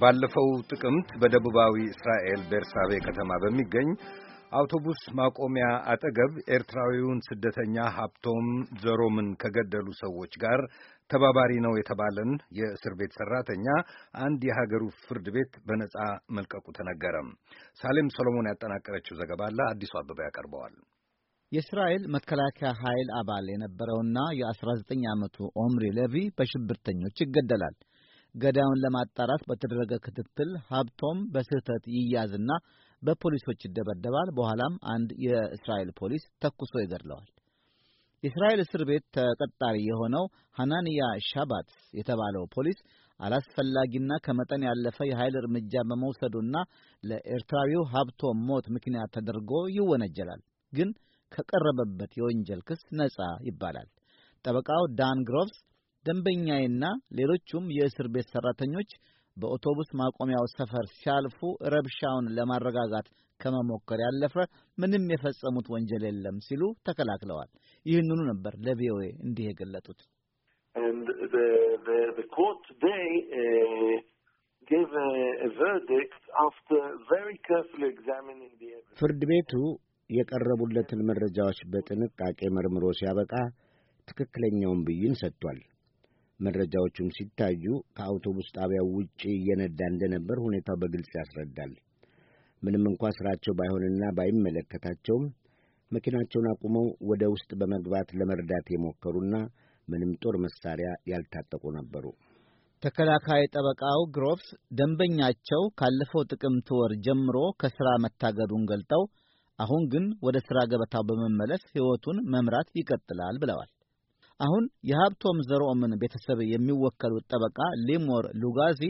ባለፈው ጥቅምት በደቡባዊ እስራኤል ቤርሳቤ ከተማ በሚገኝ አውቶቡስ ማቆሚያ አጠገብ ኤርትራዊውን ስደተኛ ሀብቶም ዘሮምን ከገደሉ ሰዎች ጋር ተባባሪ ነው የተባለን የእስር ቤት ሰራተኛ አንድ የሀገሩ ፍርድ ቤት በነጻ መልቀቁ ተነገረም። ሳሌም ሰሎሞን ያጠናቀረችው ዘገባ አለ አዲሱ አበባ ያቀርበዋል። የእስራኤል መከላከያ ኃይል አባል የነበረውና የ19 ዓመቱ ኦምሪ ሌቪ በሽብርተኞች ይገደላል። ገዳዩን ለማጣራት በተደረገ ክትትል ሀብቶም በስህተት ይያዝና በፖሊሶች ይደበደባል። በኋላም አንድ የእስራኤል ፖሊስ ተኩሶ ይገድለዋል። የእስራኤል እስር ቤት ተቀጣሪ የሆነው ሐናንያ ሻባት የተባለው ፖሊስ አላስፈላጊና ከመጠን ያለፈ የኃይል እርምጃ በመውሰዱና ለኤርትራዊው ሀብቶም ሞት ምክንያት ተደርጎ ይወነጀላል። ግን ከቀረበበት የወንጀል ክስ ነጻ ይባላል። ጠበቃው ዳን ግሮቭስ ደንበኛዬና ሌሎቹም የእስር ቤት ሠራተኞች በአውቶቡስ ማቆሚያው ሰፈር ሲያልፉ ረብሻውን ለማረጋጋት ከመሞከር ያለፈ ምንም የፈጸሙት ወንጀል የለም ሲሉ ተከላክለዋል። ይህንኑ ነበር ለቪኦኤ እንዲህ የገለጡት። uh, ፍርድ ቤቱ የቀረቡለትን መረጃዎች በጥንቃቄ መርምሮ ሲያበቃ ትክክለኛውን ብይን ሰጥቷል። መረጃዎቹም ሲታዩ ከአውቶቡስ ጣቢያው ውጪ እየነዳ እንደነበር ሁኔታው በግልጽ ያስረዳል። ምንም እንኳ ስራቸው ባይሆንና ባይመለከታቸውም መኪናቸውን አቁመው ወደ ውስጥ በመግባት ለመርዳት የሞከሩና ምንም ጦር መሳሪያ ያልታጠቁ ነበሩ። ተከላካይ ጠበቃው ግሮፍስ ደንበኛቸው ካለፈው ጥቅምት ወር ጀምሮ ከሥራ መታገዱን ገልጠው አሁን ግን ወደ ሥራ ገበታው በመመለስ ሕይወቱን መምራት ይቀጥላል ብለዋል። አሁን የሀብቶም ዘርኦምን ቤተሰብ የሚወከሉት ጠበቃ ሊሞር ሉጋዚ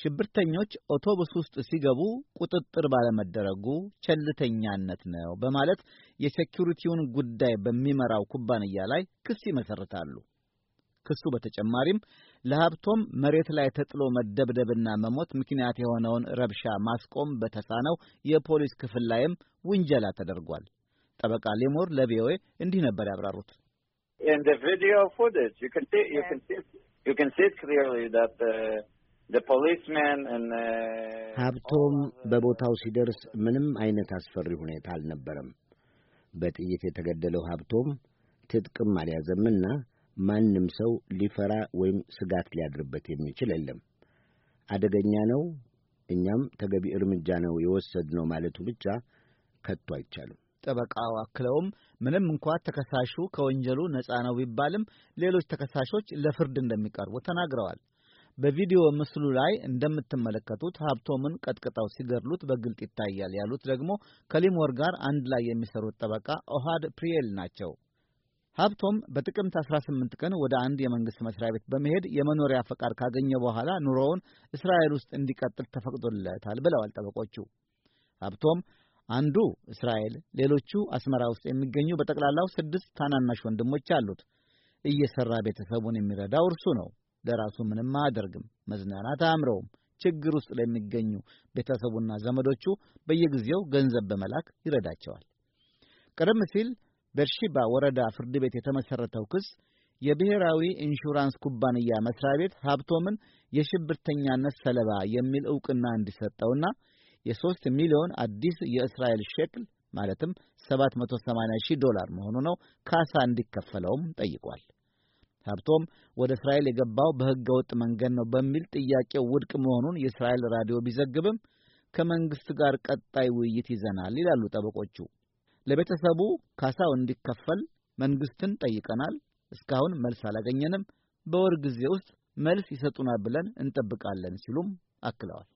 ሽብርተኞች አውቶቡስ ውስጥ ሲገቡ ቁጥጥር ባለመደረጉ ቸልተኛነት ነው በማለት የሴኪሪቲውን ጉዳይ በሚመራው ኩባንያ ላይ ክስ ይመሰርታሉ። ክሱ በተጨማሪም ለሀብቶም መሬት ላይ ተጥሎ መደብደብና መሞት ምክንያት የሆነውን ረብሻ ማስቆም በተሳነው የፖሊስ ክፍል ላይም ውንጀላ ተደርጓል። ጠበቃ ሊሞር ለቪኦኤ እንዲህ ነበር ያብራሩት። in the video footage, you can see you can see you can see clearly that the the policeman and uh, ሀብቶም በቦታው ሲደርስ ምንም አይነት አስፈሪ ሁኔታ አልነበረም። በጥይት የተገደለው ሀብቶም ትጥቅም አልያዘምና ማንም ሰው ሊፈራ ወይም ስጋት ሊያድርበት የሚችል የለም። አደገኛ ነው፣ እኛም ተገቢ እርምጃ ነው የወሰድነው ማለቱ ብቻ ከቶ አይቻልም። ጠበቃው አክለውም ምንም እንኳ ተከሳሹ ከወንጀሉ ነፃ ነው ቢባልም ሌሎች ተከሳሾች ለፍርድ እንደሚቀርቡ ተናግረዋል። በቪዲዮ ምስሉ ላይ እንደምትመለከቱት ሀብቶምን ቀጥቅጠው ሲገድሉት በግልጥ ይታያል ያሉት ደግሞ ከሊሞር ጋር አንድ ላይ የሚሰሩት ጠበቃ ኦሃድ ፕሪየል ናቸው። ሀብቶም በጥቅምት 18 ቀን ወደ አንድ የመንግሥት መስሪያ ቤት በመሄድ የመኖሪያ ፈቃድ ካገኘ በኋላ ኑሮውን እስራኤል ውስጥ እንዲቀጥል ተፈቅዶለታል ብለዋል ጠበቆቹ። ሀብቶም አንዱ እስራኤል፣ ሌሎቹ አስመራ ውስጥ የሚገኙ በጠቅላላው ስድስት ታናናሽ ወንድሞች አሉት። እየሰራ ቤተሰቡን የሚረዳው እርሱ ነው። ለራሱ ምንም አያደርግም። መዝናናት አያምረውም። ችግር ውስጥ ለሚገኙ ቤተሰቡና ዘመዶቹ በየጊዜው ገንዘብ በመላክ ይረዳቸዋል። ቀደም ሲል በርሺባ ወረዳ ፍርድ ቤት የተመሠረተው ክስ የብሔራዊ ኢንሹራንስ ኩባንያ መስሪያ ቤት ሀብቶምን የሽብርተኛነት ሰለባ የሚል ዕውቅና እንዲሰጠውና የሶስት ሚሊዮን አዲስ የእስራኤል ሼክል ማለትም 780 ሺህ ዶላር መሆኑ ነው ካሳ እንዲከፈለውም ጠይቋል። ሀብቶም ወደ እስራኤል የገባው በሕገ ወጥ መንገድ ነው በሚል ጥያቄው ውድቅ መሆኑን የእስራኤል ራዲዮ ቢዘግብም ከመንግሥት ጋር ቀጣይ ውይይት ይዘናል ይላሉ ጠበቆቹ። ለቤተሰቡ ካሳው እንዲከፈል መንግሥትን ጠይቀናል። እስካሁን መልስ አላገኘንም። በወር ጊዜ ውስጥ መልስ ይሰጡናል ብለን እንጠብቃለን ሲሉም አክለዋል።